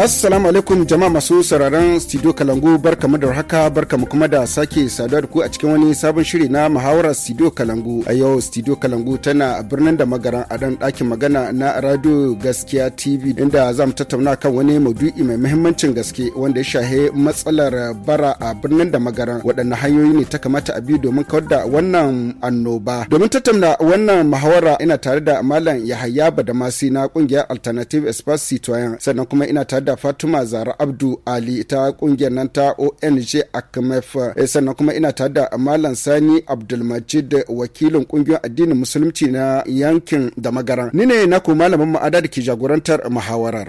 Assalamu alaikum jama'a masu sauraron studio Kalangu barkamu da haka barka mu kuma da sake saduwa da ku a cikin wani sabon shiri na muhawarar studio Kalangu. A yau studio Kalangu tana a birnin da magaran a dan ɗakin magana na radio gaskiya TV inda za mu tattauna kan wani maudu'i mai muhimmancin gaske wanda ya shahe matsalar bara a birnin da magaran waɗanne hanyoyi ne ta kamata a bi domin kawar da wannan annoba. Domin tattauna wannan muhawara ina tare da Malam Yahaya Badamasi na kungiyar Alternative Espace Citoyen sannan kuma ina tare da fatima zara abdu ali ta kungiyar nan ta ong akmef eh, sannan kuma ina tare da malam sani abdulmajid wakilin kungiyar addinin musulunci na yankin da magaran ni ne naku malamin ma'ada da ke jagorantar muhawarar.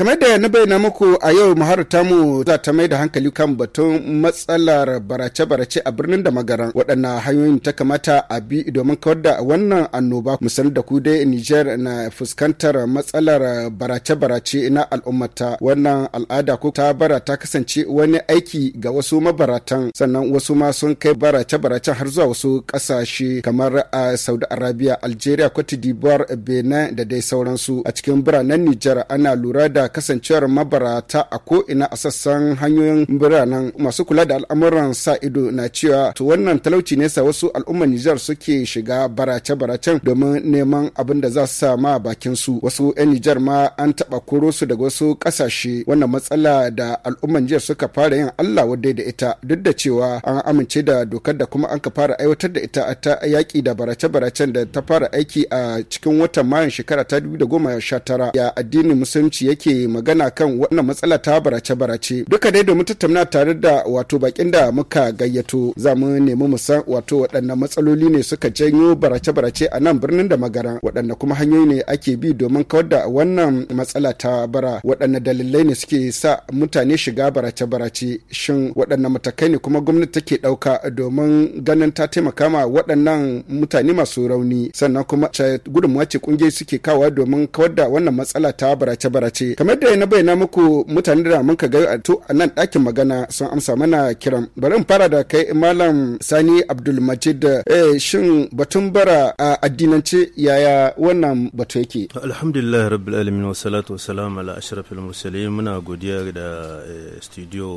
kamar da na bayyana muku a yau muhar tamu za ta mai da hankali kan batun matsalar barace-barace a birnin da magaran waɗannan hanyoyin ta kamata a bi domin kawar da wannan annoba musan da ku dai niger na fuskantar matsalar barace-barace na al'ummata wannan al'ada ko ta bara ta kasance wani aiki ga wasu mabaratan sannan wasu ma sun kai barace-baracen har zuwa wasu ƙasashe kamar a saudi arabia algeria cote d'ivoire benin da dai sauransu a cikin biranen niger ana lura da kasancewar mabarata a ko'ina a sassan hanyoyin biranen masu kula da al'amuran sa ido na cewa to wannan talauci ne sa wasu al'umman Nijar suke shiga barace-baracen domin neman abin da za su sa ma bakin su wasu 'yan Nijar ma an taba koro su daga wasu kasashe wannan matsala da al'umman Nijar suka fara yin Allah wadai da ita duk da cewa an amince da dokar da kuma an ka fara aiwatar da ita ta yaki da barace-baracen da ta fara aiki a cikin watan Mayun shekara ta 2019 ya addinin musulunci yake ake magana kan wannan matsala ta barace-barace duka dai domin tattauna tare da wato bakin da muka gayyato za mu nemi mu san wato waɗannan matsaloli ne suka janyo barace-barace a nan birnin da magaran waɗanne kuma hanyoyi ne ake bi domin kawar da wannan matsala ta bara waɗanne dalilai ne suke sa mutane shiga barace-barace shin waɗanne matakai ne kuma gwamnati take ɗauka domin ganin ta taimaka ma waɗannan mutane masu rauni sannan kuma gudunmuwa ce ƙungiyoyi suke kawa domin kawar da wannan matsala ta barace-barace kamar da na bayyana muku mutane da muka ga a to a nan ɗakin magana sun amsa mana kiran bari in fara da kai malam sani abdulmajid eh shin batun bara a addinance yaya wannan batu yake alhamdulillah rabbil alamin wa salatu wa salam ala ashrafil mursalin muna godiya da eh, studio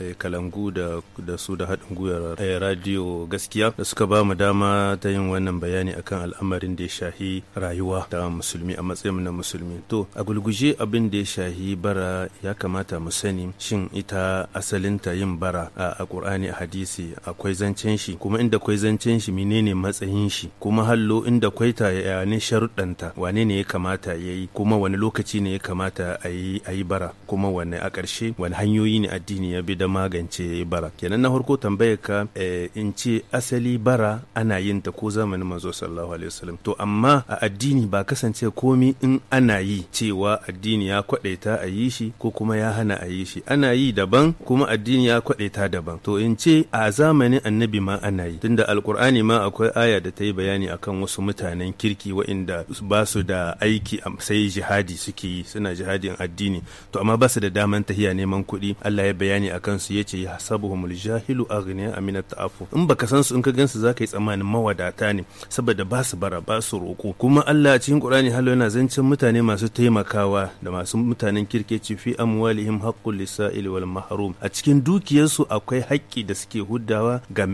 Eh, kalangu da su da haɗin gwiwar eh, radio gaskiya da suka ba mu dama ta yin wannan bayani akan al'amarin da ya shahi rayuwa ta musulmi a matsayin na musulmi to a gulguje abin da ya shahi bara ya kamata mu sani shin ita asalinta yin bara a qur'ani a hadisi akwai zancen shi kuma inda akwai zancen shi menene matsayin shi kuma hallo inda ta ya ne sharuɗanta wane ne ya kamata ya kuma wani lokaci ne ya kamata ayi yi bara kuma wane a ƙarshe wani hanyoyi ne addini ya bi don magance bara kenan na farko tambayar ka eh, in ce asali bara ana yin ta ko zamanin manzo sallallahu alaihi wasallam to amma a addini ba kasance komi in ana yi cewa addini ya kwadaita a yi shi ko kuma ya hana a yi shi ana yi daban kuma addini ya kwadaita daban to in ce a zamanin annabi ma ana yi tunda alkur'ani ma akwai aya da ta yi bayani akan wasu mutanen kirki waɗanda ba su da aiki sai jihadi suke yi suna jihadin addini to amma ba su da daman tahiya neman kuɗi Allah ya bayani akan kansu ce ya a a gani amina ta'afu in baka san su in ka gansu ka yi tsammanin mawadata ne saboda ba su bara ba su roƙo kuma Allah a cikin ƙurani halo yana zancen mutane masu taimakawa da masu mutanen kirkeci fi amwalihim haƙƙun lisa'il wal mahrum a cikin dukiyarsu akwai haƙƙi da suke huddawa ga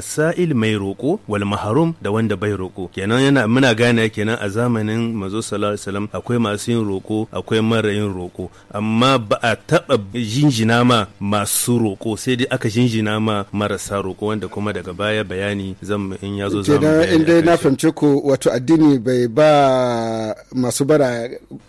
sa'il mai roƙo wal mahrum da wanda bai roƙo. kenan yana muna gane kenan a zamanin manzo sallallahu alaihi wasallam akwai masu yin roƙo akwai mara yin roƙo amma ba a taɓa jinjina ma masu masu roƙo sai dai aka jinjina ma marasa roƙo wanda kuma daga baya bayani zan in yazo zamu bayani in dai na fahimce ku wato addini bai ba masu bara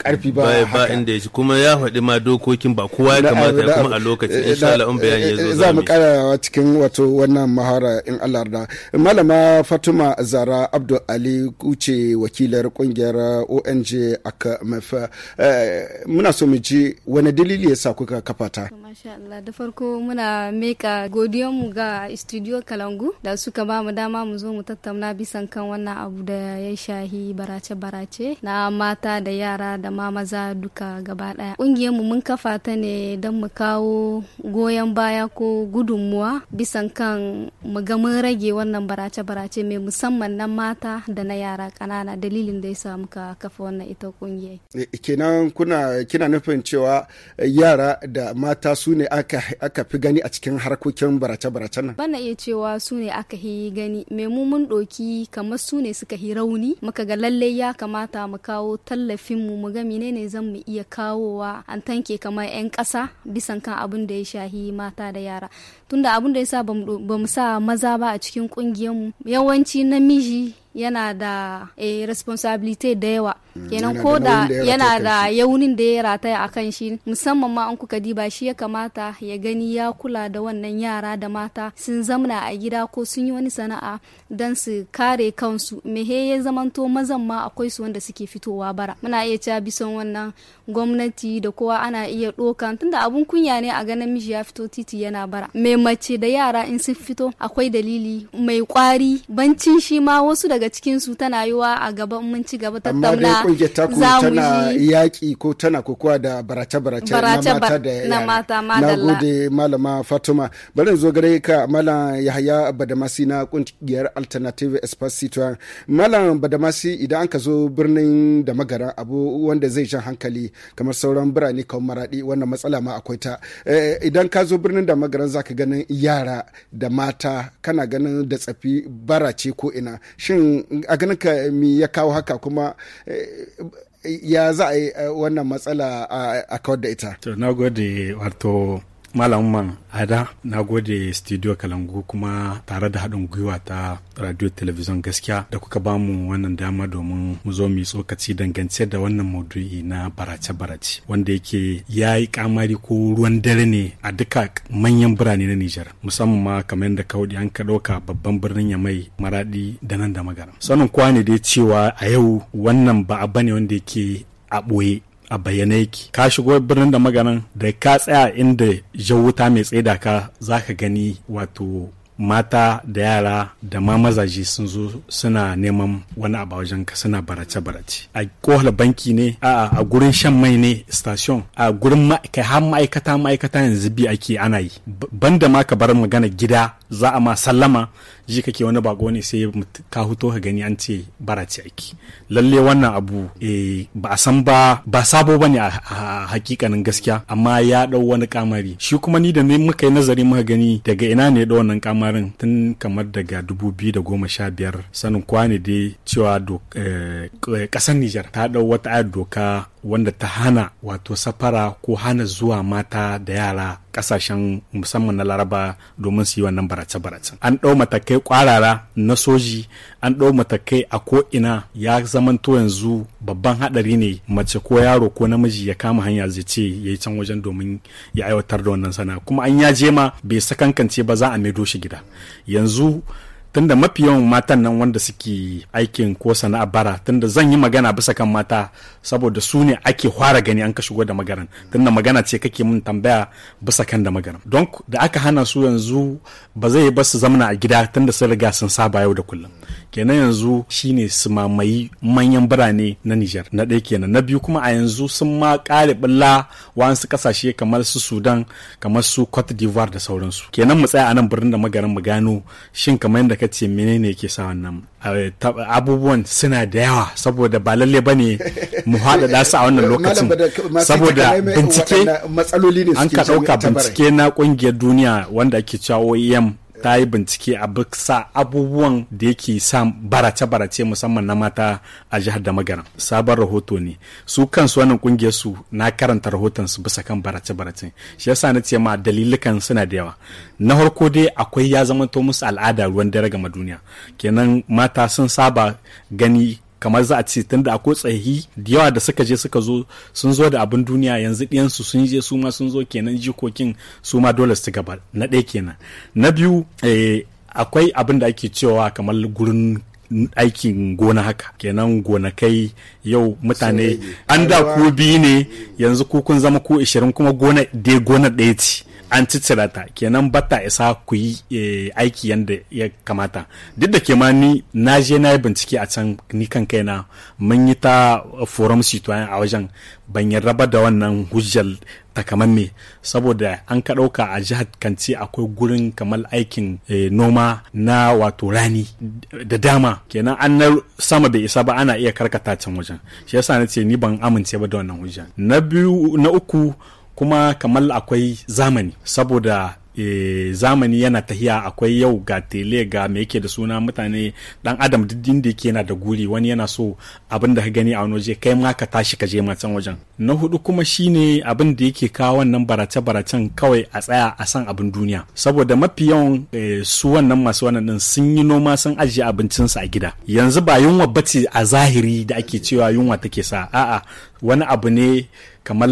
karfi ba bai ba inda yaji kuma ya faɗi ma dokokin ba kowa ya kamata ya kuma a lokaci eh, insha Allah in bayani yazo eh, zamu zamu karawa cikin wato wannan mahara in Allah yarda malama fatima Zara Abdul Ali kuce wakilar kungiyar ONG aka mafa eh, muna so mu ji wani dalili yasa kuka kafa ta Masha Allah da farko muna meka mu ga studio Kalangu da suka ba mu dama mu zo mu tattauna bisan kan wannan abu da ya shahi barace-barace na mata da yara da ma maza duka gaba daya. Kungiyar mu mun kafa ta ne don mu kawo goyon baya ko gudunmuwa bisan kan mu ga mun rage wannan barace-barace mai musamman na mata da na yara kanana dalilin da ya sa muka kafa wannan ita kungiyar. Eh, kenan kuna kina nufin cewa yara da mata su ne aka fi gani a cikin harkokin barace-barace nan? Bana iya cewa su ne aka fi gani, mai mun ɗoki kamar su ne suka fi rauni, muka ga lalle ya kamata mu kawo tallafin mu ga ne zan mu iya kawowa an tanke kamar 'yan ƙasa bisan kan abin da ya shahi mata da yara. Tunda abin da ya sa ba mu sa maza ba a cikin ƙungiyarmu yawanci namiji yana da eh, responsibility da yawa mm, kenan ko da yana da yaunin da ya rataya a kan shi musamman ma an kuka diba shi ya kamata ya gani ya kula da wannan yara da mata sun zamna a gida ko sun yi wani sana'a don su kare kansu mehe ya zamanto mazan ma akwai su wanda suke fitowa bara muna iya cewa bisan wannan gwamnati da kowa ana iya dokan tunda abun kunya ne a ganin miji ya fito titi yana bara mai mace da yara in sun fito akwai dalili mai kwari bancin shi ma wasu daga daga cikin su tana yiwa a gaban mun ci gaba tattauna za mu tana yaƙi ko tana kokowa da barace-barace na mata da Na gode malama Fatuma. Bari zo gare ka malam Yahaya Badamasi na kungiyar Alternative Espacito. Malam Badamasi idan an ka zo birnin da magara abu wanda zai jan hankali kamar sauran birane kan maradi wannan matsala ma akwai ta. Eh, idan ka zo birnin da magaran za ka ganin yara da mata kana ganin da tsafi barace ko ina. Shin a ganin ka mi ya kawo haka kuma eh, ya za a yi eh, wannan matsala a kawar da ita. To, na gode wato Malam Ada na gode studio Kalangu kuma tare da haɗin gwiwa ta radio television gaskiya da kuka bamu wannan dama domin mu zo mu tsokaci dangance da wannan maudu'i na barace-barace wanda yake ya yi kamari ko ruwan dare ne a duka manyan birane na Nijar musamman ma kamar yadda kaudi an ka ɗauka babban birnin Yamai maraɗi da nan da Magana. Sanin kwa ne dai cewa a yau wannan ba a bane wanda yake a ɓoye a bayyane yake ka shigo birnin da maganin da ka tsaya inda wuta mai tsaida ka za ka gani wato mata da yara da ma mazaje sun zo suna neman wani abu wajen ka suna barace-barace a kohal banki ne a a gurin shan mai ne station a gurin kai har ma'aikata ma'aikata yanzu bi ake ana yi banda ma ka bar magana gida za a ma sallama ji kake wani bako ne sai ka huto ka gani an ce bara ce aiki lalle wannan abu eh, ba a san ba ba sabo bane a hakikanin gaskiya amma ya dau wani kamari shi kuma ni da ne muka yi nazari muka gani daga ina ne da wannan kamarin tun kamar daga 2015 sanin kwane dai cewa kasar eh, Nijar ta dau wata ayar doka wanda ta hana wato safara ko hana zuwa mata da yara kasashen musamman na laraba domin su yi wannan barace barace an ɗau matakai kwarara na soji an ɗau matakai a ko'ina ya zamanto yanzu babban haɗari ne mace ko yaro ko namiji ya kama hanya zai ce ya yi can wajen domin ya aiwatar da wannan sana kuma an ya je ma bai sakankance ba za a maido shi gida yanzu tunda mafi yawan matan nan wanda suke aikin ko sana'a bara tunda zan yi magana bisa kan mata saboda su ne ake fara gani an ka shigo da magaran tunda magana ce kake mun tambaya bisa kan da magaran don da aka hana su yanzu ba zai ba su zamana a gida tunda sun riga sun saba yau da kullum kenan yanzu shine su mamayi manyan birane na Nijar na ɗaya kenan na biyu kuma a yanzu sun ma ƙare ɓilla wa'ansu ƙasashe kamar su Sudan kamar su Cote d'Ivoire da sauransu kenan mu tsaya a nan birnin da magaran mu gano shin kamar yadda ka ce menene ke sa wannan abubuwan suna da yawa saboda ba lalle ba ne mu da su a wannan lokacin saboda bincike an ka ɗauka bincike na ƙungiyar duniya wanda ake cewa oem ta yi bincike a bisa abubuwan da yake sa barace-barace musamman na mata a jihar da magana sabon rahoto ne su kansu wannan kungiyar su na karanta rahoton su bisa kan barace-barace shi yasa na ce ma dalilukan suna da yawa na farko dai akwai ya zama to musu al'ada ruwan dare ga duniya kenan mata sun saba gani kamar za a ce tunda akwai tsayi da yawa da suka je suka zo sun zo da abin duniya yanzu ɗiyansu sun je su ma sun zo kenan jikokin su ma dole su gaba na ɗaya kenan na biyu eh, akwai abin da ake cewa kamar gurin aikin gona haka kenan gonakai yau mutane an da ku biyu ne yanzu ku kun zama ko ishirin kuma gona gona ɗaya ce an cicira ta kenan bata isa ku yi eh, aiki yadda ya kamata duk da ke ma ni na je na yi bincike a can ni kan kaina mun yi ta forum citoyen a wajen ban yi raba da wannan hujjar takamamme saboda an ka dauka a jihar kanci akwai gurin kamar aikin eh, noma na wato rani da dama kenan an na sama bai isa ba ana iya karkata can wajen shi yasa na ce ni ban amince ba da wannan hujja na biyu na uku kuma kamar akwai zamani saboda e, zamani yana tahiya akwai yau ga tele ga me yake da suna mutane dan adam duk da yake yana da guri wani yana so abin da ka gani a wani waje kai ma ka tashi ka je can wajen na hudu kuma shine abin da yake kawo wannan barace baracen kawai a tsaya a san abin duniya saboda mafi yawan e, su wannan masu wannan din sun yi noma sun ajiye abincinsu a gida yanzu ba yunwa bace a zahiri da ake cewa yunwa take sa a'a wani abu ne kamar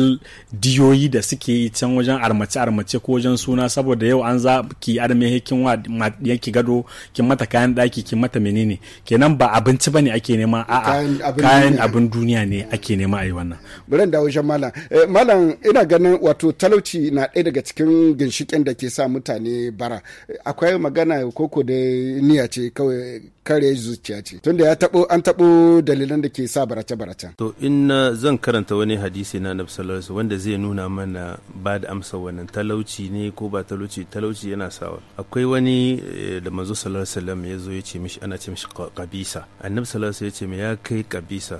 diyoyi da suke yi can wajen armace armace ko wajen suna saboda yau an za ki arme hekin wa yanki gado ki mata kayan daki ki mata menene kenan ba abinci bane ake nema a'a kayan abin duniya ne ake nema a yi wannan buran dawo shan malam eh, malam ina ganin wato talauci na ɗaya daga cikin ginshikin da ke sa mutane bara akwai magana koko da niyya ce kawai kare zuciya ce tunda ya tabo an tabo dalilan da ke sa barace barace to in eh, zan karanta wani hadisi na annabi sallallahu wanda zai nuna mana ba da amsa wannan talauci ne ko ba talauci talauci yana sawa akwai wani eh, da manzo sallallahu alaihi wasallam ya zo ya ce mishi ana ce mishi kabisa annabi sallallahu alaihi ya ce ya kai kabisa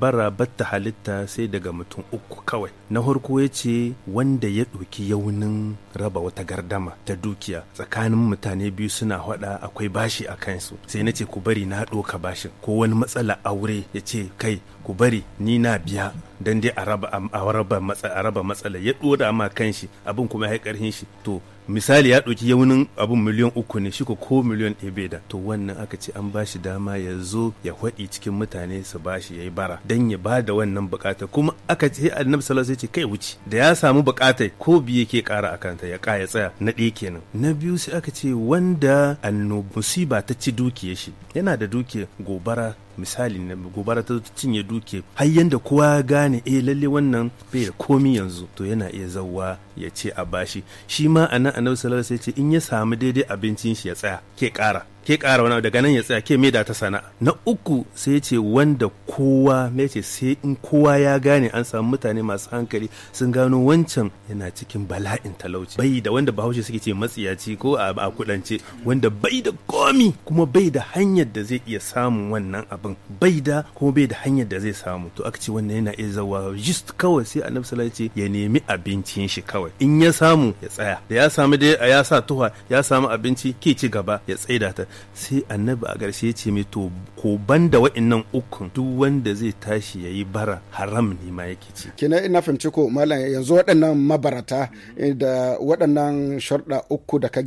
bara batta halitta sai daga mutum uku kawai na farko ya ce wanda ya ɗauki yaunin raba wata gardama ta dukiya tsakanin mutane biyu suna hada akwai bashi a kansu sai na ce ku bari na ɗoka bashin ko wani matsala aure ya ce kai ku bari ni na biya don dai a raba matsala ya ɗora ma kan shi abin kuma ya karhin shi to misali ya ɗauki yaunin abin miliyan uku ne shi ko ko miliyan ɗaya da to wannan aka ce an bashi dama ya zo ya faɗi cikin mutane su bashi ya yi bara dan ya ba da wannan bukata kuma aka ce annabi sallallahu alaihi ce kai wuce da ya samu bukatar ko biye ke ƙara a kanta ya tsaya na ɗaya kenan na biyu sai aka ce wanda annobusi ba ta ci dukiyar shi yana da dukiya gobara misali na gobara ta cinye duke har yanda kowa gane eh lalle wannan bai da komi yanzu to yana iya zawwa ya ce a bashi shi ma a annabi sallallahu alaihi wasallam sai ce in ya samu daidai abincin shi ya tsaya ke kara ke ƙara wani daga nan ya tsaya ke me da ta sana na uku sai ya ce wanda kowa me ce sai in kowa ya gane an samu mutane masu hankali sun gano wancan yana cikin bala'in talauci bai da wanda bahaushe suke ce matsiyaci ko a kudance wanda bai da komi kuma bai da hanyar da zai iya samun wannan abin bai da kuma bai da hanyar da zai samu to aka ce wannan yana iya zawa just kawai sai annabi sallallahu ce ya nemi abincin shi kawai in ya samu ya tsaya da ya samu dai ya sa tuha ya samu abinci ke ci gaba ya tsaida ta sai annabi a ƙarshe ce mai to ko da wa'annan ukun duk wanda zai tashi ya yi bara haram ne ma yake ci kina ina fahimci ko malam yanzu waɗannan mabarata eh, da waɗannan sharɗa uku da ka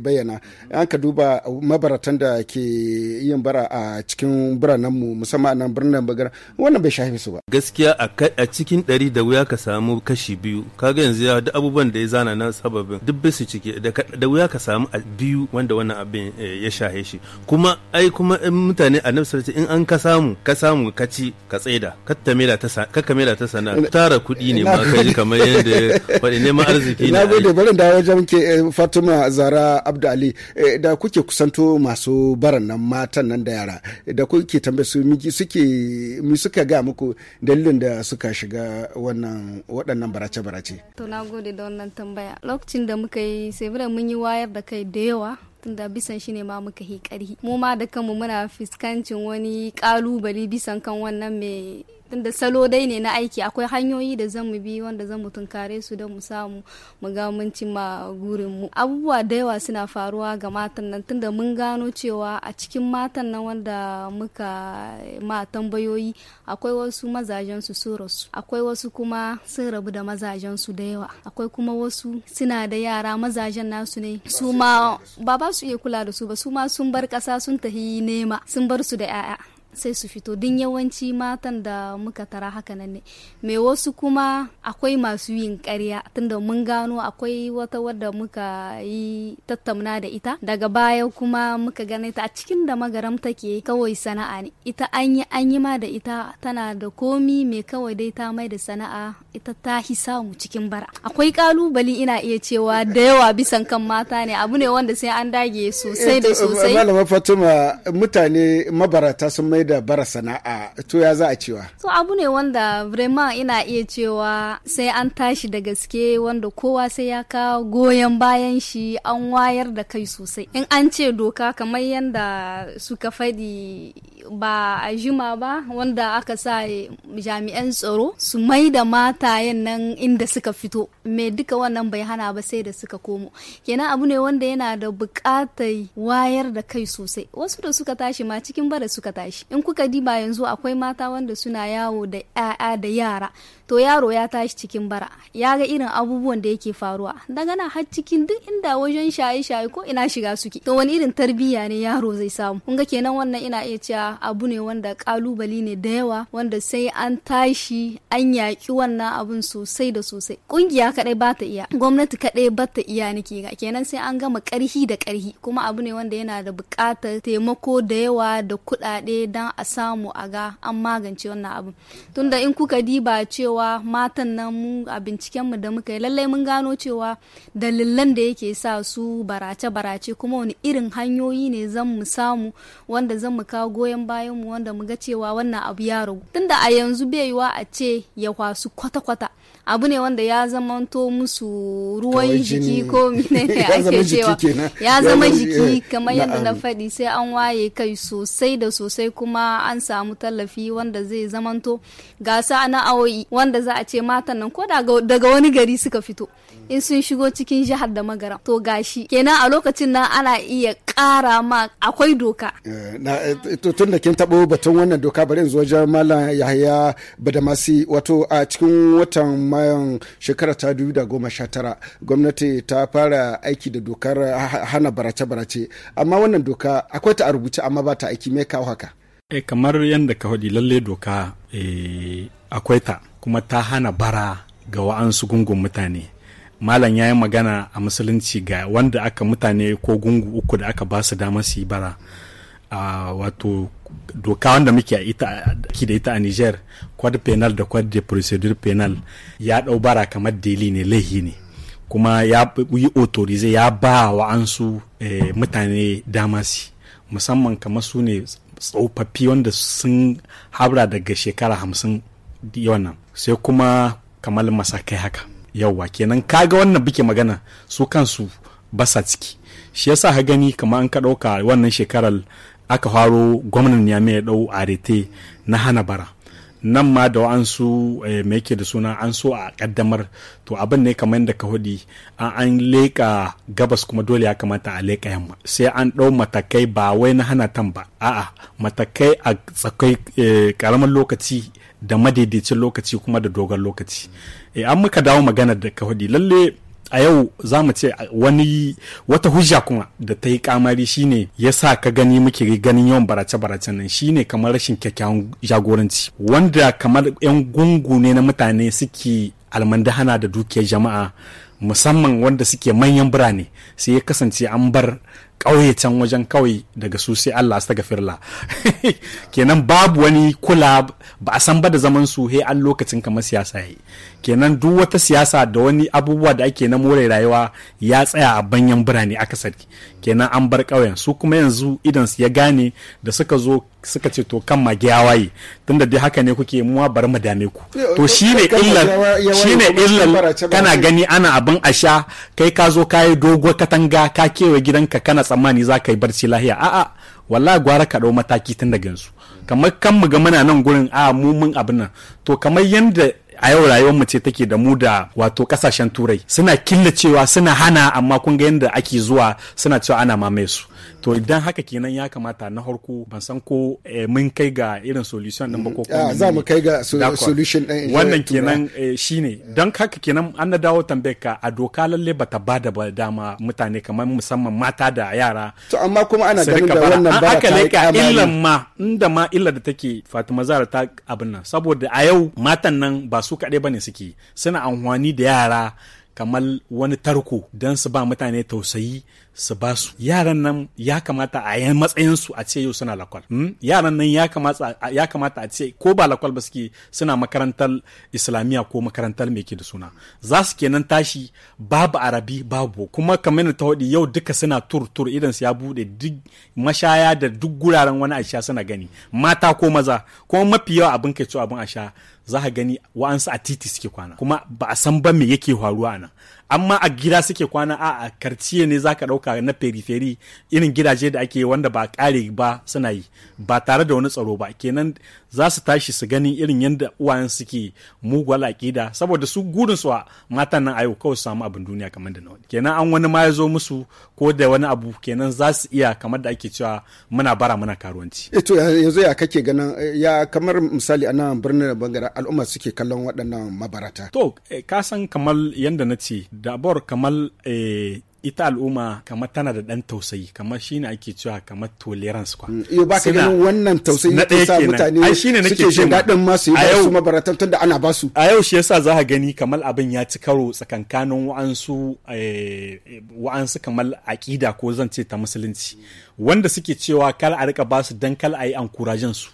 bayyana an ka duba mabaratan da ke yin bara a cikin biranen mu musamman nan birnin bagar wannan bai shafi su ba gaskiya a cikin ɗari da wuya ka samu kashi biyu kaga yanzu ya duk abubuwan da ya zana na sababin duk bisu ciki da wuya ka samu biyu wanda wannan abin eh, ya shahe shi kuma ai kuma in mutane a nafsar in an ka samu ka samu ka ci ka tsaida ka tamela ta ka ta sana tara kuɗi ne ma kai kamar yadda faɗi neman arziki ne na gode barin da wajen ke eh, Fatima Zara Abdu Ali eh, da kuke kusanto masu baran nan matan nan da yara eh, da kuke tambaye su suke mi suka ga muku dalilin da suka shiga wannan waɗannan barace barace to na gode da wannan tambaya lokacin da muka yi sai mun yi wayar da kai da yawa tunda bisan shi ne ma muka yi karhi mu ma da kanmu muna fuskancin wani kalubale bisan kan wannan mai tunda salo dai ne na aiki akwai hanyoyi da zan mu bi wanda zan mu tunkare su don mu samu mu ga mun ma gurin mu abubuwa da yawa suna faruwa ga matan nan tunda mun gano cewa a cikin matan nan wanda muka ma tambayoyi akwai wasu mazajen su su akwai wasu kuma sun rabu da mazajen su da yawa akwai kuma wasu suna da yara mazajen nasu ne su ma ba ba su iya kula da su ba su ma sun bar kasa sun tahi nema sun bar su da 'ya'ya sai su fito din yawanci matan da muka tara haka nan ne mai wasu kuma akwai masu yin karya tunda mun gano akwai wata wadda muka yi tattauna da ita daga baya kuma muka gane ta a cikin da magaram take kawai sana'a ne ita an yi an yi ma da ita tana da komi mai kawai dai ta mai da sana'a ita ta hi samu cikin bara akwai kalubali ina iya cewa da yawa bisan kan mata ne abu ne wanda sai an dage sosai da eh, sosai malama fatima mutane mabarata sun mai da bara sana'a to ya za a cewa to abu ne wanda vraiment ina iya cewa sai an tashi da gaske wanda kowa sai ya kawo goyon bayan shi an wayar da kai sosai in an ce doka kamar yadda suka faɗi ba a jima ba wanda aka sa jami'an tsaro su mai da matayen nan inda suka fito mai duka wannan bai hana ba sai da suka komo kenan abu ne wanda yana da bukatar wayar da kai sosai wasu da suka tashi ma cikin bara suka tashi in kuka diba yanzu akwai mata wanda suna yawo da 'ya'ya da yara to yaro ya tashi cikin bara ya ga irin abubuwan da yake faruwa daga na har cikin duk inda wajen shaye shaye ko ina shiga suke to wani irin tarbiyya ne yaro zai samu kun ga kenan wannan ina iya cewa abu ne wanda kalubali ne da yawa wanda sai an tashi an yaƙi wannan abun sosai da sosai kungiya kadai ba ta iya gwamnati kadai ba ta iya nake ga kenan sai an gama karhi da karhi kuma abu ne wanda yana da bukatar taimako da yawa da kuɗaɗe don a samu a ga an magance wannan abun tunda in kuka diba cewa cewa matan nan mu a mu da muka yi lallai mun gano cewa dalilan da yake sa su barace-barace kuma wani irin hanyoyi ne zan mu samu wanda zan mu kawo goyon bayan mu wanda mu ga cewa wannan abu ya ragu tunda a yanzu bai yiwa a ce ya kwasu kwata-kwata abu ne wanda ya zamanto musu ruwan jiki ko menene ake cewa ya zama jiki eh, kamar yadda na faɗi sai an waye kai sosai da sosai kuma an samu tallafi wanda zai zamanto gasa na awoyi wanda za a ce matan nan ko daga wani gari suka fito in sun shigo cikin jihar da magara to gashi kenan a lokacin nan ana iya ƙara ma akwai doka eh, eh, tun da kin tabo batun wannan doka bari in zo wajen malam yahaya badamasi wato a cikin watan mayan shekara ta dubu da goma sha tara gwamnati ta fara aiki da dokar hana barace-barace amma wannan doka akwai ta a rubuce amma ba ta aiki me kawo haka e kamar yadda ka faɗi lalle doka akwai ta kuma ta hana bara ga wa'ansu gungun mutane malam ya yi magana a musulunci ga wanda aka mutane ko gungu uku da aka ba su dama su yi bara a wato doka wanda muke ki da ita a Niger code penal da code de procedure penal ya dau bara kamar deli ne laihi ne kuma ya yi autorize ya ba wa su eh, mutane dama su musamman kamar su ne tsofaffi wanda sun habra daga shekara hamsin yawan nan sai kuma kamar masakai haka yauwa kenan kaga wannan bike magana su kansu basa ciki shi yasa ha gani kamar an ka ɗauka wannan shekarar aka faro gwamnan ya mai ɗau arete na hana bara nan ma da wa'ansu eh, mai yake da suna an so a kaddamar to abin ne kamar yadda ka hudi an leƙa gabas kuma dole ya kamata a leƙa yamma sai an ɗau matakai ba wai na hana tan ba a'a matakai a tsakai karamin eh, lokaci da madaidaicin lokaci kuma da dogon lokaci eh, an muka dawo magana da ka hudi lalle a yau za mu ce wani wata hujja kuma da ta yi kamari shine ya sa ka gani muke ganin yawan barace-barace nan shine kamar rashin kyakkyawan jagoranci wanda kamar 'yan gungu ne na mutane suke almandahana da dukiyar jama'a musamman wanda suke manyan birane sai ya kasance an bar ƙauye can wajen kawai daga su sai Allah su taga firla kenan babu wani kula ba a san ba da zaman su he an lokacin kamar siyasa yi kenan duk wata siyasa da wani abubuwa da ake na more rayuwa ya tsaya a banyan birane akasari kenan an bar ƙauyen su kuma yanzu idan su ya gane da suka zo suka ce to kan magi ya waye tunda dai haka ne kuke muwa bar mu dame ku eh, to eh, shine illar shine illar kana gani ana abin a sha kai ka zo ka yi dogo katanga ka kewa gidanka kana tsammani za ka yi barci lahiya a'a wallahi gwara ka ɗau mataki tun daga yanzu kamar kan mu ga muna nan gurin a mu mun abin nan to kamar yanda a yau rayuwar mu ce take da mu da wato kasashen turai suna killacewa suna hana amma kun ga yadda ake zuwa suna cewa ana mamaye su to idan haka kenan ya kamata na harko ban san ko eh, mun kai ga irin solution din ba ko kuma mm-hmm. ah, za mu kai ga solution din wannan kenan eh, shine don haka kenan an na dawo tambayar ka a doka lalle bata bada ba dama mutane kamar musamman mata da yara to amma kuma ana ganin da wannan ba aka leka illan ma inda ma illa da take Fatima Zara ta abin nan saboda a yau matan nan ba su su kaɗai bane suke suna amfani da yara kamar wani tarko don su ba mutane tausayi su ba su yaran nan ya kamata a yi matsayin su a ce yau suna lakwal hmm? yaran nan ya kamata a ce ko ba lakwal ba suke suna makarantar islamiyya ko makarantar mai ke da suna za su kenan tashi babu arabi babu kuma kamar ta hudu yau duka suna tur tur idan su ya bude duk mashaya da duk guraren wani aisha suna gani mata ko maza kuma mafi yawa abin kai abin asha za ka gani wa'ansu a titi suke kwana kuma ba a san ba me yake faruwa a nan amma a gida suke kwana a a karciye ne zaka dauka na periferi irin gidaje da ake wanda ba kare ba suna yi ba tare da wani tsaro ba kenan za su tashi su ganin irin yadda uwayen suke mugwal aƙida saboda su gurin su matan nan ayo kawai su samu abin duniya kamar da na wani kenan an wani ma ya zo musu ko da wani abu kenan za su iya kamar da ake cewa muna bara muna karuwanci eto eh eh, yanzu ya kake ganin eh, ya kamar misali a nan birnin da bangare al'umma suke kallon waɗannan mabarata to ka kamar yadda na ce dabar kamar ita al'umma kamar tana da ɗan tausayi kamar shine ake cewa kamar tolerance kwa iyo mm, ba ka ganin wannan tausayi na ɗaya kenan mutane ai shine nake ce daɗin ma su yi ba su mabaratan da ana ba su a yau shi yasa za ka gani kamar abin ya ci karo tsakankanin wa'ansu eh, eh, wa'ansu kamar aƙida ko zan ce ta musulunci wanda suke cewa kal a rika ba su dan kal a yi an su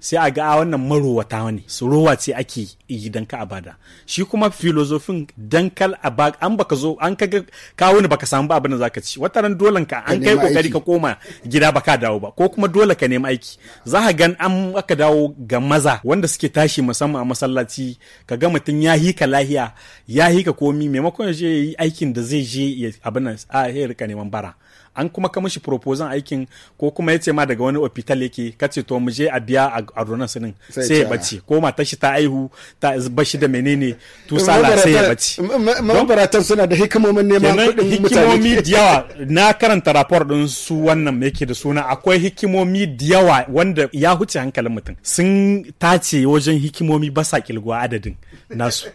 sai a ga ah, wannan marowata wani su rowa ce ake yi dan ka abada shi kuma filozofin dankal abag an baka zo an kaga ka wani baka samu ba abin da zaka ci wata ran dolan ka an kai kokari ka koma gida baka dawo ba ko kuma dole ka nema aiki za ka gan an aka dawo ga maza wanda suke tashi musamman a masallaci ka ga mutum ya hika lahiya ya hika komi maimakon ya je yi aikin da zai je abin a ya rika neman bara an kuma ka mishi proposal aikin ko kuma yace ma daga wani hospital yake kace to mu je a biya a donan sinin sai ya ah. bace ko matar shi ta aihu ta bashi da menene sala sai ya bace mabaratan suna da hikimomin neman kudin hikimomi diyawa na karanta rapport din su wannan yake da suna akwai hikimomi diyawa wanda ya huce hankalin mutum sun tace wajen hikimomi ba sa kilguwa adadin nasu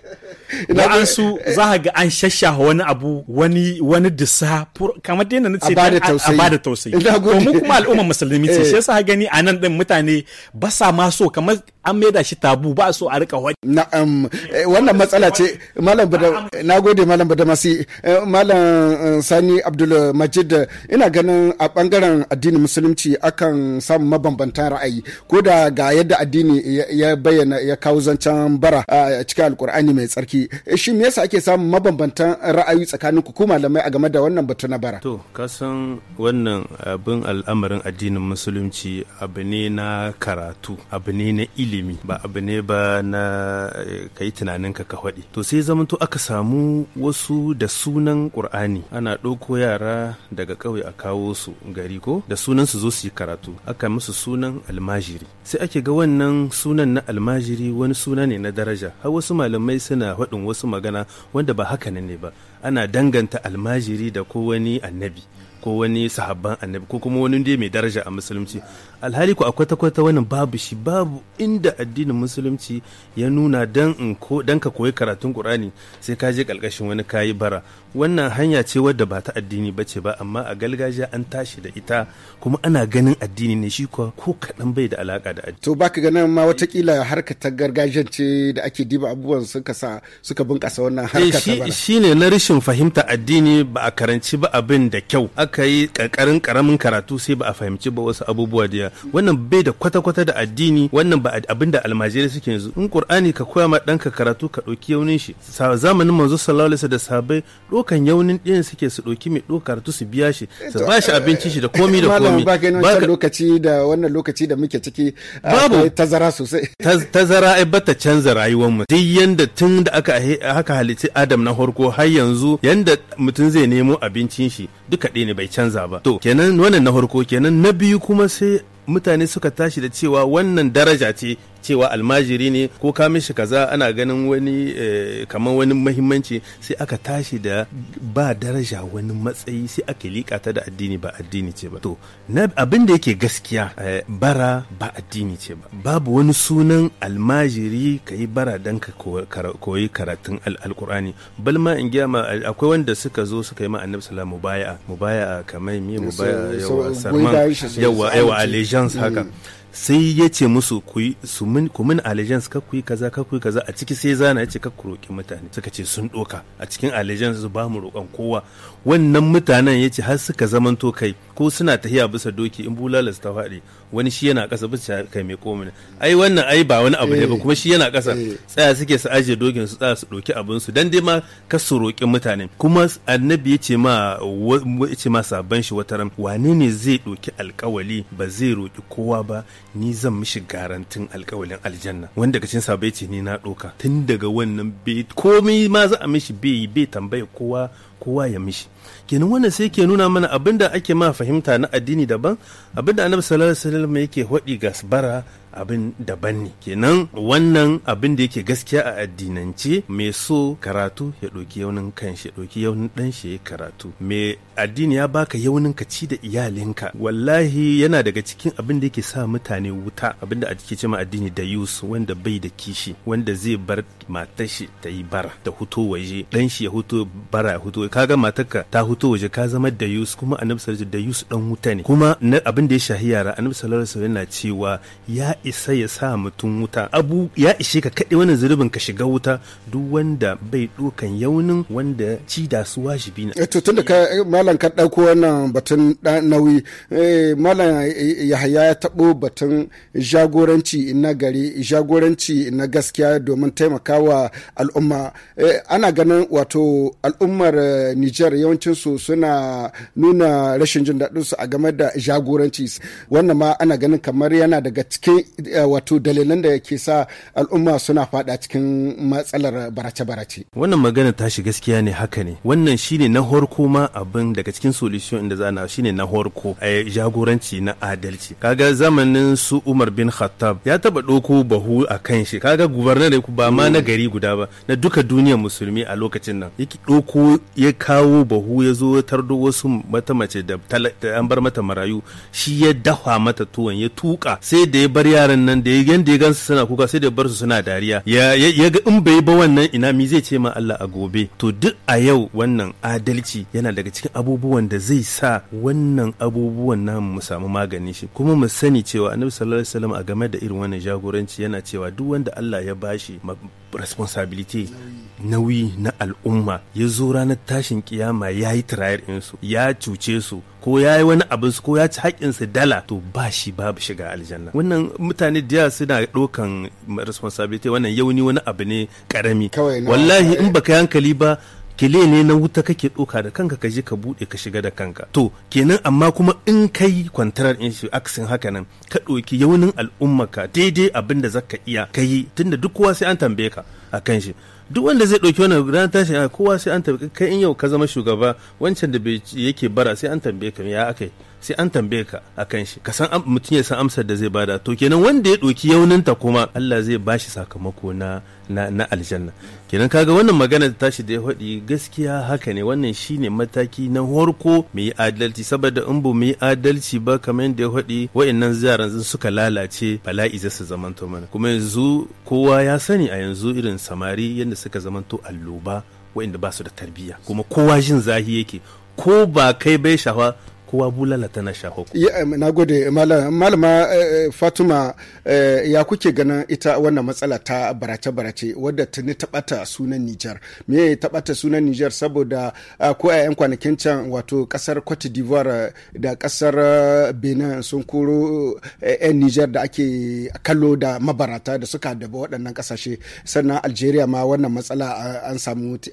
su za ga an shashaha wani abu wani wani disa kamar dai na nace bada tausayi bada tausayi to mu kuma al'ummar musulmi ce shi yasa gani a nan din mutane ba sa ma so kamar an maida shi tabu ba so a rika wani na'am eh, wannan matsala ce malam bada nagode malam bada masi eh, malam eh, sani abdul majid ina ganin a bangaren addinin musulunci akan samu mabambantan ra'ayi ko da ga yadda addini ya bayyana ya kawo zancen bara a cikin alkur'ani mai tsarki shi me yasa ake samun mabambantan ra'ayi tsakanin ku malamai a game da wannan batu na bara to kasan san wannan abin al'amarin addinin musulunci abu ne na karatu abu ne na ilimi ba abu ne ba na kai eh, tunanin ka ka faɗi to sai zamanto aka samu wasu da sunan ƙur'ani ana ɗauko yara daga ƙauye a kawo su gari ko da sunan su zo su yi karatu aka musu sunan almajiri sai ake ga wannan sunan na almajiri wani suna ne na daraja har wasu malamai suna faɗin wasu magana wanda ba haka ne ba ana danganta almajiri da ko wani annabi ko wani sahabban annabi ko kuma wani dai mai daraja a musulunci alhali ku akwai kwata wannan babu shi babu inda addinin musulunci ya nuna dan in ko dan ka koyi karatun qur'ani sai ka je kalkashin wani kayi bara wannan hanya ce wadda ba ta addini bace ba amma a galgajiya an tashi da ita kuma ana ganin addini ne shi ko ko kadan bai da alaka da addini to baka ganin ma watakila harka ta gargajiyar ce da ake diba abubuwan suka sa suka bunkasa wannan harka ta eh, bara ne na rashin fahimta addini ba a karanci ba abin da kyau aka yi ƙarƙarin ƙaramin karatu sai ba a fahimci ba wasu abubuwa da wannan bai da kwata-kwata da addini wannan ba abin da almajirai suke yanzu in qur'ani ka koya ma ɗanka karatu ka ɗauki yaunin shi zamanin manzo sallallahu alaihi da sahabbai ɗokan yaunin ɗin suke su ɗauki mai ɗo karatu su biya shi su ba shi eh, abinci shi da komi da komi ba ka lokaci da wannan lokaci da muke ciki ah, babu tazara sosai tazara ai bata canza rayuwar mu duk yanda tun da aka haka halitti adam na farko har yanzu yanda mutum zai nemo abincin shi duka ɗaya ne bai canza ba to kenan wannan na farko kenan na biyu kuma sai mutane suka tashi da cewa wannan daraja ce cewa almajiri ne ko ka mishi kaza ana ganin wani eh, kamar wani mahimmanci sai aka tashi da ba daraja wani matsayi sai aka liƙa ta da addini ba addini ce ba to na abin da yake gaskiya eh, bara ba addini ce ba babu wani sunan almajiri ka yi bara dan ka koyi karatun alkur'ani balma in giya ma akwai wanda suka zo suka yi ma annabi sallallahu mubaya'a mubaya'a kamar me mubaya'a eh, yawa sarman yawa haka mm. sai ya ce musu ku min allegiance ka kuyi kaza ka kuyi kaza a ciki sai zana ya ce ka ku roƙi mutane suka ce sun ɗoka a cikin allegiance su ba mu roƙon kowa wannan mutanen ya ce har suka zamanto kai ko suna tahiya bisa doki in bulala ta faɗi wani shi yana ƙasa bisa kai mai komai ai wannan ai ba wani abu ne ba eh, kuma shi yana ƙasa eh. tsaya suke su aje dogin su tsaya su ɗauki abin su dan dai ma ka su roƙi mutane kuma annabi ya ce ma ya ce ma sabban shi wata ran wane ne zai ɗauki alƙawali ba zai roƙi kowa ba ni zan mishi garantin alƙawalin aljanna wanda kacin sabai ce ni na ɗauka tun daga wannan bai komai ma za a mishi bai bai tambaya kowa kowa ya mishi kenan wannan sai ke nuna mana abinda ake ma fahimta na addini daban abinda annabi sallallahu alaihi wasallam yake hodi gasbara abin daban ne kenan wannan abin da yake gaskiya a addinance mai so karatu ya ɗauki yaunin kanshi ya ɗauki yaunin ɗan shi ya karatu mai addini ya baka yaunin ka ci da iyalinka wallahi yana daga cikin abin da yake sa mutane wuta abin da ake cewa addini da yusu wanda bai da kishi wanda zai bar matar shi ta yi bara da huto waje ɗan shi ya huto bara ya huto kaga matarka ta huto waje ka zama da yus kuma annabi sallallahu alaihi da yus dan wuta ne kuma abin da ya shahi yara annabi sallallahu alaihi yana cewa ya isa ya sa mutum wuta abu ya ishe ka kaɗe wannan zunubin ka shiga wuta duk wanda bai ɗokan yaunin wanda ci da su wajibi na. Eh, to tunda ka eh, malam ka ɗauko wannan batun nauyi eh, malam yahaya ya taɓo batun jagoranci na gari jagoranci na gaskiya domin taimakawa al'umma ana ganin wato al'ummar nijar yawancinsu suna nuna rashin jin daɗinsu a game da jagoranci wannan ma ana ganin kamar yana daga cikin Eh, wato dalilan da ke sa al'umma suna fada cikin matsalar barace-barace. Wannan magana tashi gaskiya ne haka ne. Wannan shine na horko ma abin daga cikin solution da za na shine na horko a jagoranci na adalci. Kaga zamanin su Umar bin Khattab ya taba doko bahu a kan shi. Kaga gubernar ba ma na gari guda ba na duka duniya musulmi a lokacin nan. Yake doko ya kawo bahu ya zo tardo wasu mata mace da an bar mata marayu shi ya dafa mata tuwon ya tuka sai da ya bar yaran nan da yanda ya gansu suna kuka sai da bar su suna dariya ya ga in bai ba wannan ina mi zai ce ma Allah a gobe to duk a yau wannan adalci yana daga cikin abubuwan da zai sa wannan abubuwan namu mu samu magani shi kuma mu sani cewa Annabi sallallahu alaihi wasallam a game da irin wannan jagoranci yana cewa duk wanda Allah ya bashi responsibility nauyi na al'umma ya zo ranar tashin kiyama ya yi tirayar insu ya cuce su ko ya yi wani abin su ko ya ci haƙƙinsu dala to ba shi babu shiga aljanna wannan mutane da yawa suna ɗaukan responsibility wannan yauni wani abu ne ƙarami wallahi in eh. baka hankali ba kile ne na wuta kake ɗoka da kanka ka je ka buɗe ka shiga da kanka to kenan amma kuma in kai kwantarar in shi aksin haka nan ka ɗoki yaunin al'ummarka daidai abinda da zaka iya ka yi tunda duk kowa sai an tambaye ka a kan shi duk wanda zai ɗauki wannan ranar tashi kowa sai an tambaye kai in yau ka zama shugaba wancan da yake bara sai an tambaye ka ya akai sai an tambaye ka akan shi ka san mutum ya san amsar da zai bada to kenan wanda ya ɗoki ta kuma Allah zai bashi sakamako na na, na aljanna kenan kaga wannan magana ta tashi da ya faɗi gaskiya haka ne wannan shine mataki na horko mu yi adalci saboda in bu mu yi adalci ba kamar yadda ya faɗi wa'annan ziyaran sun suka lalace bala'i zai su zamanto mana kuma yanzu kowa ya sani a yanzu irin samari yadda suka zamanto alloba wa'anda ba su da tarbiyya kuma kowa jin zahi yake ko ba kai bai shafa kowa bulala tana shafa ku. Eh, na gode malama eh, fatima eh, ya kuke ganin ita wannan matsala ta barace-barace wadda tuni ta bata sunan nijar me ta bata sunan nijar saboda ko a yan kwanakin can wato kasar cote d'ivoire da kasar benin sun koro yan nijar da ake kallo da mabarata da suka daba waɗannan kasashe sannan algeria ma wannan matsala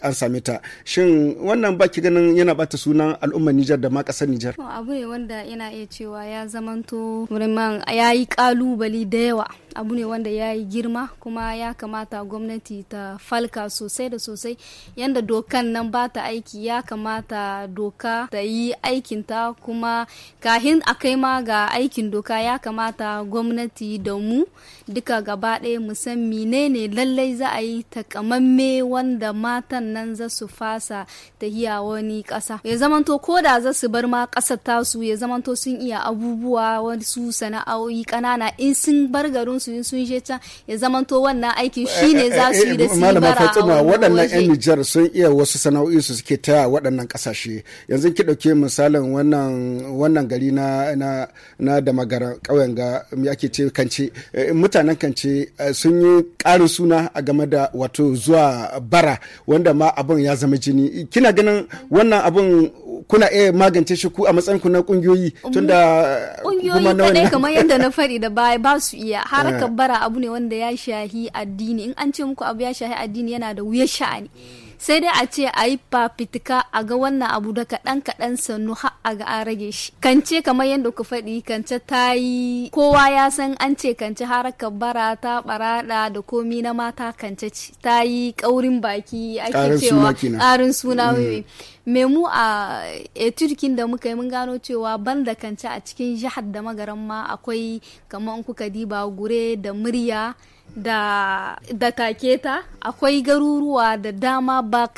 an same ta shin wannan baki ganin yana bata sunan al'ummar nijar da ma kasar nijar abu ne wanda yana iya cewa ya zamanto ya yi kalubali da yawa abu ne wanda ya yi girma kuma ya kamata gwamnati ta falka sosai da sosai yadda dokan nan ba ta aiki ya kamata doka ta yi aikinta kuma kahin a kai ma ga aikin doka ya kamata gwamnati da mu duka gaba ɗaya mu san menene lallai za a yi takamamme wanda matan nan za su fasa ta tahiya wani ƙasa ya zamanto ko da za su bar ma ƙasar tasu ya zamanto sun iya abubuwa wasu sana'o'i ƙanana in sun bar garin su sun je can ya zamanto wannan aikin shi ne eh, za eh, su yi da eh, su malama fatima waɗannan yan nijar sun iya wasu sana'o'i su suke taya waɗannan ƙasashe yanzu ki ɗauke misalin wannan wannan gari na na na da magara ƙauyen ga me ake ce kance mutanen kance sun yi ƙarin suna a game da wato zuwa bara wanda ma abin ya zama jini kina ganin wannan abin kuna iya magance shi ku a matsayin ku na kungiyoyi tunda eh, kungiyoyi kadai kamar yadda na faɗi da baya ba su iya haraka eh. bara abu ne wanda ya shahi addini in an ce muku abu ya shahi addini yana da wuyan sha'ani sai dai a ce a yi fafitika a ga wannan abu da kaɗan kaɗan sannu ha a ga an rage shi kance kamar yadda ku faɗi kance ta yi kowa ya san an ce kance haraka bara ta barada da komi na mata kance ta yi ƙaurin baki ake cewa ƙarin suna mm. me mu a eturkin da muka yi mun gano cewa ban da kance a cikin jihar da magaran ma akwai kamar kuka diba gure da murya da da ta akwai garuruwa da dama ba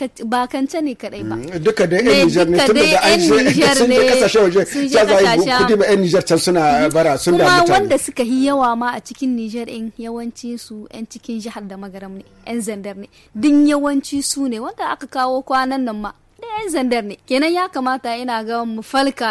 kance ne kadai ba mm, duka da yan nijar ne tunda da an sun kasashe waje sun kasashe kudi ba yan nijar can suna mm, bara sun da mutane kuma wanda suka yi yawa ma a cikin nijar din yawanci su yan cikin jihar da magaram ne yan zandar ne din yawanci su ne wanda aka kawo kwanan nan ma da yan zandar ne kenan ya kamata yana ga mu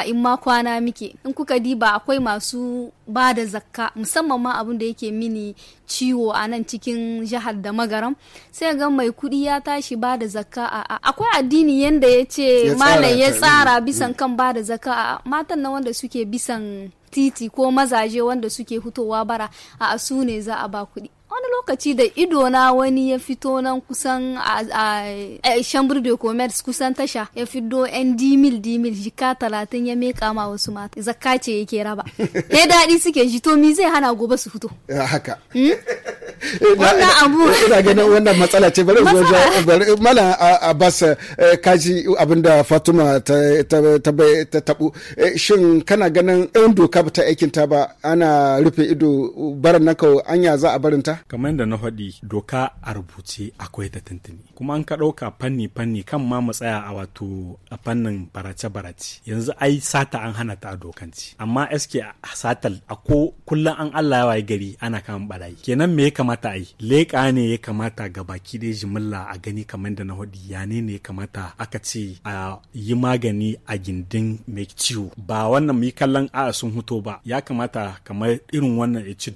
in ma kwana muke in kuka diba akwai masu ba da zakka musamman ma abin da yake mini ciwo a nan cikin jihar da magaram sai ga mai kuɗi ya tashi ba da zakka a akwai addini yanda ya ce malam ya tsara mm. bisan kan ba da zakka a matan na wanda suke bisan titi ko mazaje wanda suke hutowa bara a su ne za a ba kuɗi wani lokaci da ido na wani ya fito nan kusan a shambur de commerce kusan tasha ya fito yan dimil dimil jika talatin ya meka ma wasu mata zakka ce yake raba ya daɗi suke ji to mi zai hana gobe su fito eh, haka hmm? wannan ina ganin wannan matsala ce bari mala abbas eh, kaji abinda fatima ta ta eh, shin kana ganin doka ba ta aikin ta ba ana rufe ido barin nan kawai anya za a barin kamar yadda na faɗi doka a rubuce akwai ta tuntuni kuma an ka ɗauka fanni fanni kan ma mu tsaya a wato a fannin barace barace yanzu ai sata an hana ta a dokanci amma eske satal a ko kullum an Allah ya waye gari ana kan barayi kenan me ya kamata a yi leƙa ne ya kamata ga baki dai jimilla a gani kamar yadda na faɗi yane ne ya kamata aka ce a yi magani a gindin mai ciwo ba wannan mu yi kallon a sun huto ba ya kamata kamar irin wannan ya ci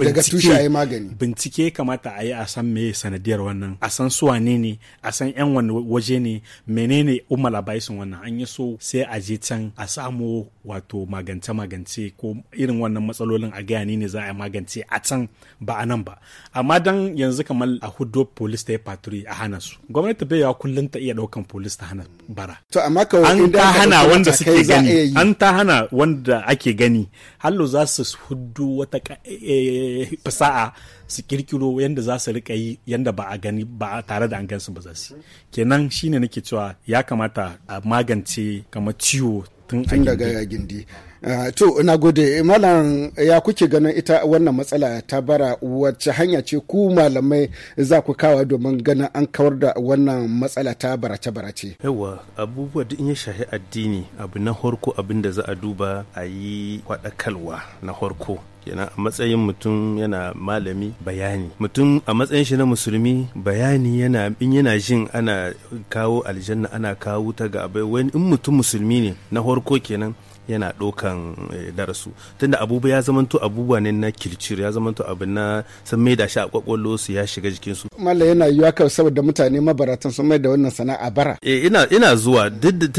daga tushe a yi magani bincike kamata a yi a san me sanadiyar wannan a san su wane ne a san yan wani waje ne menene umar labaisin wannan an yi so sai a je can a samu wato magance magance ko irin wannan matsalolin a gaya ne za a magance a can ba a nan ba amma dan yanzu kamar a hudo polis ta yi paturi a hana su gwamnati bai yawa kullum ta iya daukan polis ta hana bara to amma ka an ta hana wanda suke gani an ta hana wanda ake gani hallo za su hudu wata eh, fasa'a su kirkiro yadda za su rika yi yadda ba a gani ba tare da an gansu ba za su kenan shine nake cewa ya kamata a magance kamar ciwo tun daga gindi Ah, to na gode malam ya kuke ganin ita wannan matsala ta bara wacce hanya ce ku malamai za ku kawa domin ganin an kawar da wannan matsala ta barace barace yawa abubuwa da in ya shahi addini abu na horko abin da za a duba a yi faɗakalwa na horko kenan a matsayin mutum yana malami bayani mutum a matsayin shi na musulmi bayani yana in yana jin ana kawo aljanna ana kawo ta ga abai wani in mutum musulmi ne na horko kenan yana ɗaukan kan eh, darasu tunda abubuwa ya zamanto abubuwa ne na kilcir ya zamanto abu na san mai da shi a kwakwallo su ya shiga jikin su mallam yana yiwa kawai saboda mutane mabaratan sun mai da wannan sana'a bara eh ina ina zuwa duk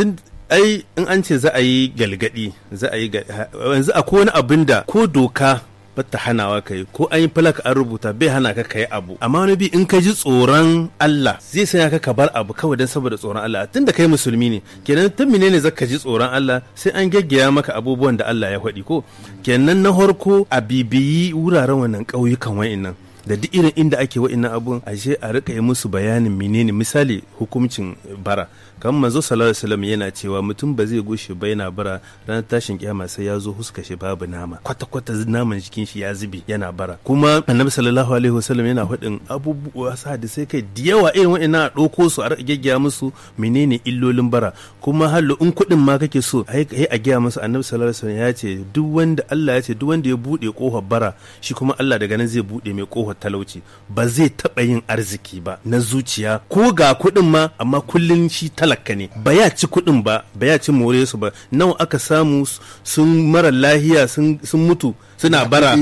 ai in an ce za a yi galgadi za a yi yanzu akwai wani abin da ko doka batta hanawa ka yi ko an yi falaka an rubuta bai hana ka ka abu amma wani bi in ka ji tsoron Allah zai sanya ka ka bar abu kawai don saboda tsoron Allah tunda kai musulmi ne kenan tun menene zaka ji tsoron Allah sai an gaggaya maka abubuwan da Allah ya faɗi ko kenan na harko a bibiyi wuraren wannan ƙauyukan wa'innan da duk irin inda ake wa'innan abun ashe a rika yi musu bayanin menene misali hukuncin bara kan manzo sallallahu yana cewa mutum ba zai gushe ba yana bara ranar tashin kiyama sai ya zo huska shi babu nama kwata kwata naman jikin shi ya zubi yana bara kuma annabi sallallahu alaihi wasallam yana faɗin abubuwa sadi sai kai da yawa irin wa'ina a ɗauko su a gaggaya musu menene illolin bara kuma hallo in kuɗin ma kake so ai a gaya musu annabi sallallahu alaihi wasallam ya ce duk wanda Allah ya ce duk wanda ya buɗe kofar bara shi kuma Allah daga nan zai buɗe mai kofar talauci ba zai taɓa yin arziki ba na zuciya ko ga kuɗin ma amma kullun shi ta talaka ne ba ya ci kuɗin ba ba ya ci more su ba nawa aka samu sun mara lahiya sun mutu suna bara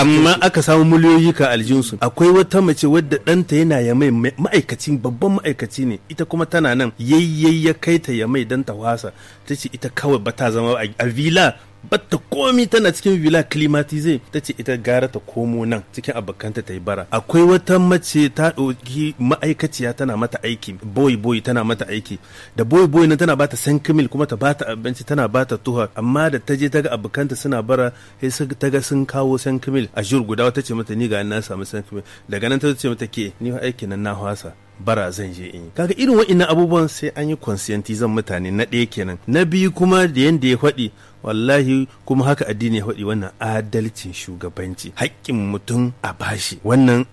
amma aka samu miliyoyi ka aljinsu akwai wata mace wadda ɗanta yana ya mai ma'aikaci babban ma'aikaci ne ita kuma tana nan yayyayya ya kai ta ya mai dan ta wasa ta ce ita kawai ba ta zama a vila batta komi tana cikin villa climatize ta ce ita gara ta komo nan cikin abokanta ta yi bara akwai wata mace ta ɗauki ma'aikaciya tana mata aiki boy boy tana mata aiki da boy boy nan tana bata san kimil kuma ta bata abinci tana bata tuha amma da ta je ta ga abokanta suna bara sai ta ga sun kawo san kimil a jur guda wata ce mata ni ga na samu san kimil daga nan ta ce mata ke ni aikin nan na hwasa bara zan je in yi kaga irin wa'annan abubuwan sai an yi zan mutane na ɗaya kenan na biyu kuma da yadda ya faɗi wallahi kuma haka addini ya faɗi wannan adalcin shugabanci haƙƙin mutum a bashi wannan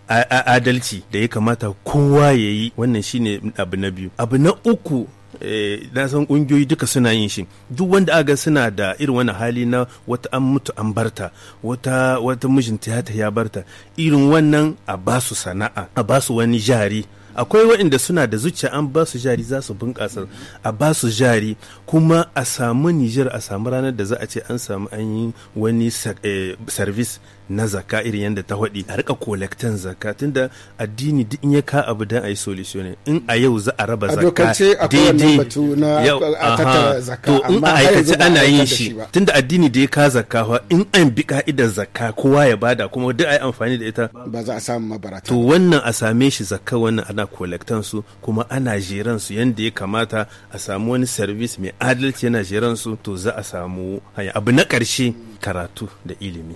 adalci da ya kamata kowa ya yi wannan shine abu na biyu abu na uku eh, na san ƙungiyoyi duka suna yin shi duk wanda aga suna da irin wani hali na wata an mutu an barta wata wata mijinta ya ya barta irin wannan a basu sana'a a basu wani jari akwai waɗanda suna da zuciya an ba su jari za su bunƙasa a ba su jari kuma a samu Nijar a samu ranar da za a ce an samu an yi wani eh, service na zaka irin yadda ta haɗi a rika kolektan zaka da addini duk in ya ka abu dan a yi solution in a yau za a raba zaka daidai yau to in a aikace ana yin shi tun da addini da ya ka zaka in an bi ka'idar zaka kowa ya bada kuma duk a yi amfani da ita ba za a samu mabarata to wannan a same shi zaka wannan ana kolektan su kuma ana jeran su yadda ya kamata a samu wani sarvis mai adalci yana jeran su to za a samu hanya abu na ƙarshe karatu da ilimi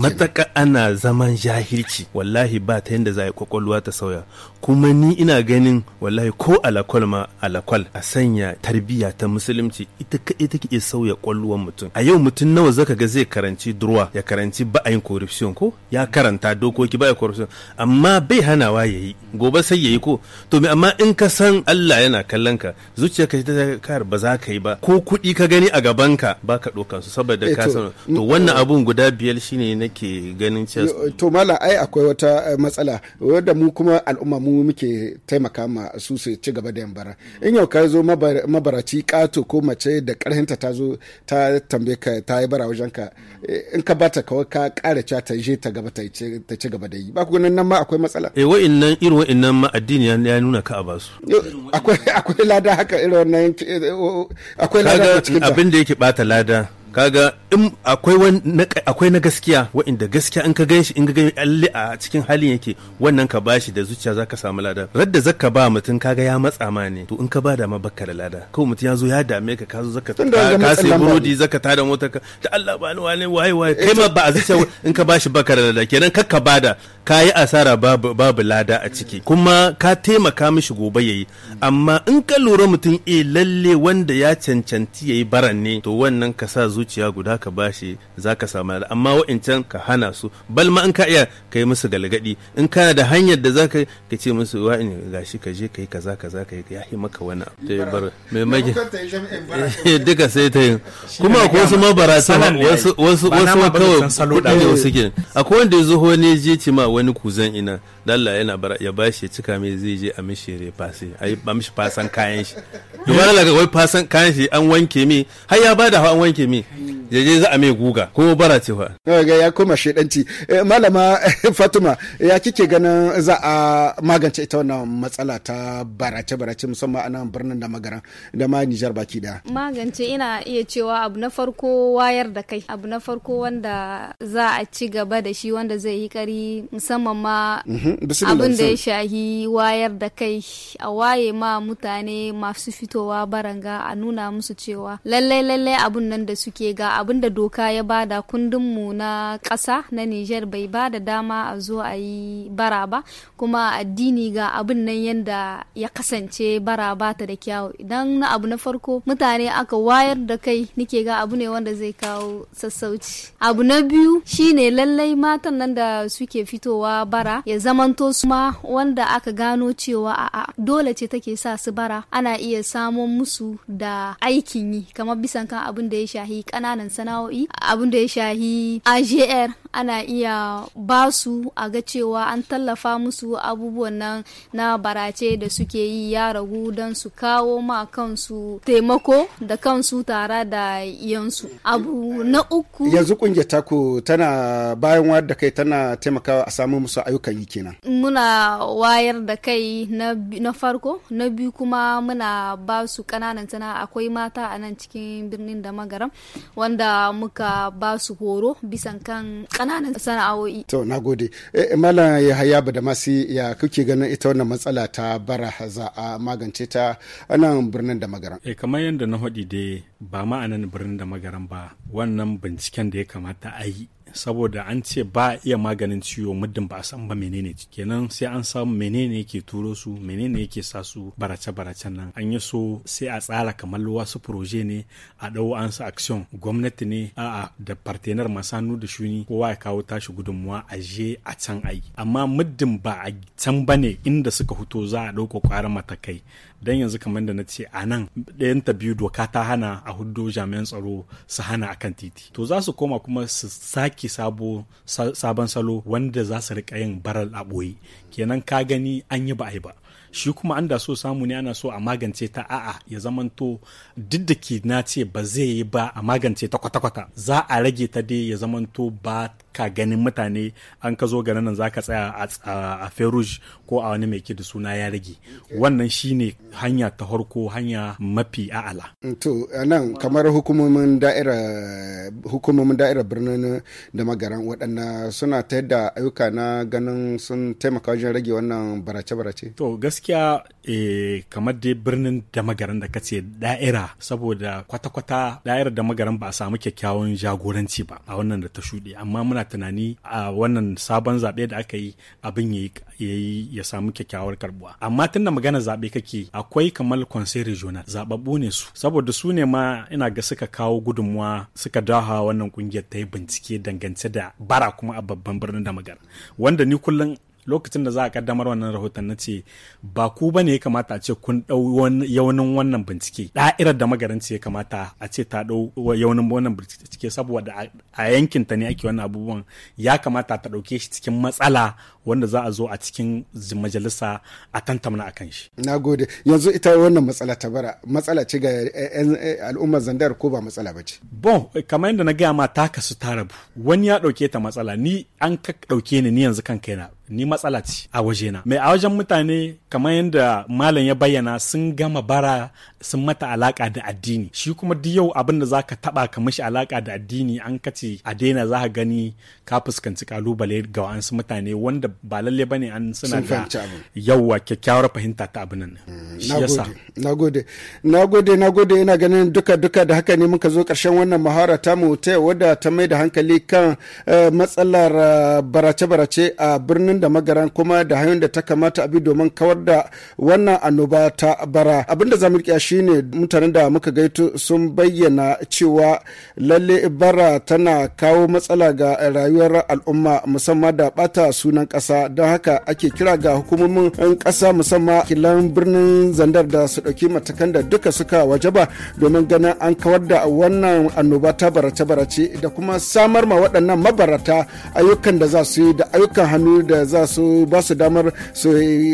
mataka ana zaman jahilci wallahi ba ta yadda za a yi kwakwalwa ta sauya kuma ni ina ganin wallahi ko alakwal ma alakwal a sanya tarbiyya ta musulunci ita ka ita iya sauya kwalluwan mutum a yau mutum nawa zaka ga zai karanci durwa ya karanci ba'ayin corruption ko ya karanta dokoki ba ba'ayin corruption amma bai hanawa ya yi. gobe sai ya yi ko to me amma in ka san Allah yana kallon ka zuciya zuciyarka ta kar ba za ka yi ba ko kuɗi ka gani a gabanka ba ka ɗokan su saboda eh, ka san to wannan abun guda biyar shine nake ganin cewa to mala ai akwai wata eh, matsala wanda mu kuma al'umma mu muke taimaka ma su su ci gaba da yambara in yau ka zo mabaraci kato ko mace da karhinta ta zo ta tambaye ka ta yi bara wajen ka eh, in ka bata kawai ka kara cewa ta je ta gaba ta ci gaba da yi ba ku nan ma akwai matsala eh wa'annan irin wa'annan ma addini ya nuna ka a basu akwai akwai lada haka irin wannan eh, akwai lada abin da yake bata lada kaga in akwai na gaskiya wa'inda gaskiya in ka gan shi in ka gani alli a cikin halin yake wannan ka bashi da zuciya zaka samu lada radda zaka ba mutum kaga ya matsa ma ne to in ka bada ma bakka da lada kawai mutum ya zo ya dame ka ka zo zaka ka sai burodi zaka tada motar ka da Allah ba ni wani wai wai eh, kai ma ba a zuciya in ka bashi bakka da lada kenan kakka bada ka yi asara babu babu lada a ciki kuma ka taimaka mishi gobe yayi amma in ka lura mutum eh lalle wanda ya cancanci yayi baran ne to wannan ka sa zuciya zuciya guda ka bashi za ka samu lada amma wa'incan ka hana su bal ma in ka iya ka yi musu galgadi in kana da hanyar da za ka ka ce musu wa wa'in gashi ka je ka yi kaza kaza ka yi ya yi maka wani da yi bar mai magi eh, duka sai ta yi kuma akwai wasu mabarata wasu wasu wasu kawai kuɗi ne wasu ke akwai wanda ya zo ne je ci ma wani kuzan ina dalla yana bara ya bashi ya cika mai zai je a mishi refase a yi mishi fasan kayan shi dubara daga wai fasan kayan shi an wanke mi har ya bada an wanke mi ya je za a mai guga ko bara ce fa eh, ga ya koma shedanci eh, malama fatima ya kike ganin za a magance ita wannan matsala ta barace barace musamman a nan birnin da magara da ma Nijar baki daya magance ina iya cewa abu na farko wayar da kai abu na farko wanda za a ci gaba da shi wanda zai yi kari musamman ma mhm, abin da ya shahi wayar da kai a waye ma mutane masu fitowa baranga a nuna musu cewa lallai lallai abun nan da suke ke ga abin da doka ya bada kundinmu na ƙasa na Nijar bai ba da dama a zo a yi bara ba kuma addini ga abin nan yadda ya kasance bara ba ta da kyau idan na abu na farko mutane aka wayar da kai nike ga abu ne wanda zai kawo sassauci abu na biyu shine lallai matan nan da suke fitowa bara ya zamanto su ma wanda aka gano cewa a'a dole ce take sa su bara ana iya samun musu da aikin yi kamar bisan kan abin da ya shahi ƙananan sana'o'i abin da ya shahi AJR ana iya basu a ga cewa an tallafa musu abubuwan nan na barace da suke yi ya ragu don su kawo ma kansu taimako da kansu tara da yansu abu na uku yanzu kungiyar taku tana bayan wayar da kai tana taimakawa a samu musu ayyukan yi kenan muna wayar da kai na farko na biyu kuma muna ba su kananan sana akwai mata a nan cikin birnin da magaram wanda muka ba su horo bisan kan ƙananan sana'o'i. To na gode. Eh, Malam Yahaya Badamasi ya kuke ganin ita wannan matsala ta bara za a magance ta a nan birnin da magaran. Eh kamar yadda na haɗi dai ba ma'anan birnin da magaran ba wannan binciken da ya kamata a yi saboda an ce ba iya maganin ciwo muddin ba a san ba menene kenan sai an samu menene yake turo su menene yake sa su barace baracen nan an yi so sai a tsara kamar wasu proje ne a dau an sa action gwamnati ne a a da partenar masu hannu da shuni kowa ya kawo tashi gudunmuwa a je a can ayi. amma muddin ba a can bane inda suka fito za a ɗauka kwaran matakai dan yanzu kamar da na ce a nan ɗayan ta biyu doka ta hana a hudu jami'an tsaro su hana a kan titi to za su koma kuma su sake sabo sabon salo wanda za su riƙa yin baral a kenan ka gani an yi ba a yi ba shi kuma an da so samu ne ana so a magance ta a'a ya zamanto duk da ke na ce ba zai yi ba a magance ta kwata-kwata za a rage ta dai ya zamanto ba ka ganin mutane an ka zo garin nan zaka tsaya a feruj ko a wani mai da suna ya rage wannan shine hanya ta harko hanya mafi a'ala to nan kamar hukumomin da'ira hukumomin da'ira birnin da magaran waɗanda suna ta yadda ayyuka na ganin sun taimaka wajen rage wannan barace-barace to gaskiya eh, kamar dai birnin da magaran da kace da'ira saboda kwata-kwata da'ira da magaran ba a samu kyakkyawan jagoranci ba a wannan da ta shuɗe amma muna ana tunani a wannan sabon zaɓe da aka yi abin ya yi ya samu kyakkyawar karbuwa amma tunda magana zaɓe kake akwai kamar conseil regional zaɓaɓɓu ne su saboda su ne ma ina ga suka kawo gudunmuwa suka daha wannan kungiyar ta yi bincike dangance da bara kuma a babban birnin da magana wanda ni kullum lokacin da za a kaddamar wannan rahoton na ce ba ku ba ne ya kamata a ce kun ɗau yaunin wannan bincike da'irar da magaranci ya kamata a ce ta ɗau yaunin wannan bincike saboda a yankin ta ne ake wannan abubuwan ya kamata ta ɗauke shi cikin matsala wanda za a zo a cikin majalisa a tantamna akan shi. na gode yanzu ita wannan matsala ta bara matsala ce ga eh, eh, eh, al'ummar zandar ko ba matsala ba ce. bon kamar yadda na gaya ma ta kasu ta rabu wani ya ɗauke ta matsala ni an ka ɗauke ni ni yanzu kan kaina ni matsala ce a wajena mai a wajen mutane kamar yadda malam ya bayyana sun gama bara sun mata alaka da addini shi kuma duk yau abin da zaka taba ka mishi alaka da addini an kace a daina za ka gani ka fuskanci kalubale ga wasu mutane wanda ba lalle bane an suna da yawa kyakkyawar fahimta ta abin nan mm, nagode nagode nagode ina ganin duka duka da haka ne muka zo karshen wannan muhara ta mu ta wadda ta mai da hankali kan eh, matsalar eh, barace barace a birnin da magaran kuma da hanyoyin da ta kamata a bi domin kawar da wannan annoba ta bara abinda zamu shi shine mutanen da muka gaito sun bayyana cewa lalle bara tana kawo matsala ga rayuwar al'umma musamman da bata sunan kasa don haka ake kira ga hukumomin kasa musamman kilan birnin zandar da su ɗauki matakan da duka suka wajaba domin ganin an kawar da wannan annoba ta barace barace da kuma samar ma waɗannan mabarata ayyukan da za su yi da ayyukan hannu da za su ba su damar su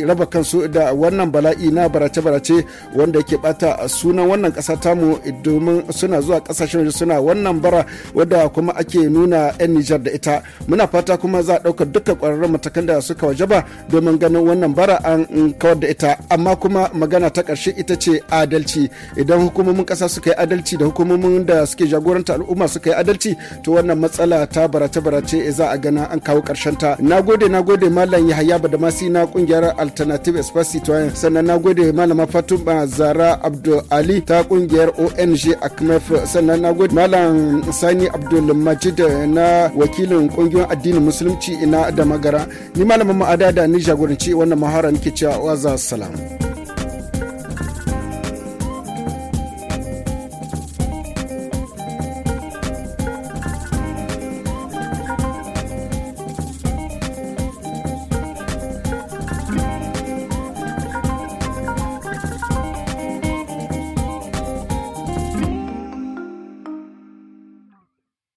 raba kansu da wannan bala'i na barace-barace wanda yake bata sunan wannan kasa tamu domin suna zuwa kasashen suna wannan bara wadda kuma ake nuna 'yan Nijar da ita muna fata kuma za a ɗaukar duka ƙwararrun matakan da suka wajaba domin ganin wannan bara an kawar da ita amma kuma magana ta ƙarshe ita ce adalci idan hukumomin ƙasa suka yi adalci da hukumomin da suke jagoranta al'umma suka yi adalci to wannan matsala ta barace-barace za a gana an kawo ƙarshen ta nagode nagode gode Malam Yahaya Badamasi na kungiyar Alternative Espace Citoyen sannan na gode Malama Fatuma Zara Abdul Ali ta kungiyar ONG ACMEF sannan na gode Malam Sani Abdul Majid na wakilin kungiyar addinin musulunci ina da magara ni malamin ma'ada da ni jagoranci wannan mahara nake cewa wa za salam.